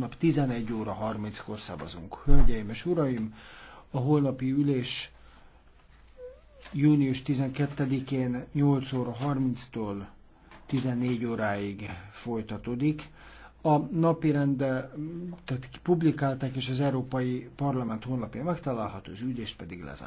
Nap 11 óra 30-kor szavazunk. Hölgyeim és uraim, a holnapi ülés június 12-én 8 óra 30-tól 14 óráig folytatódik. A napi rende, tehát publikálták, és az Európai Parlament honlapján megtalálható, az ügyést pedig lezár.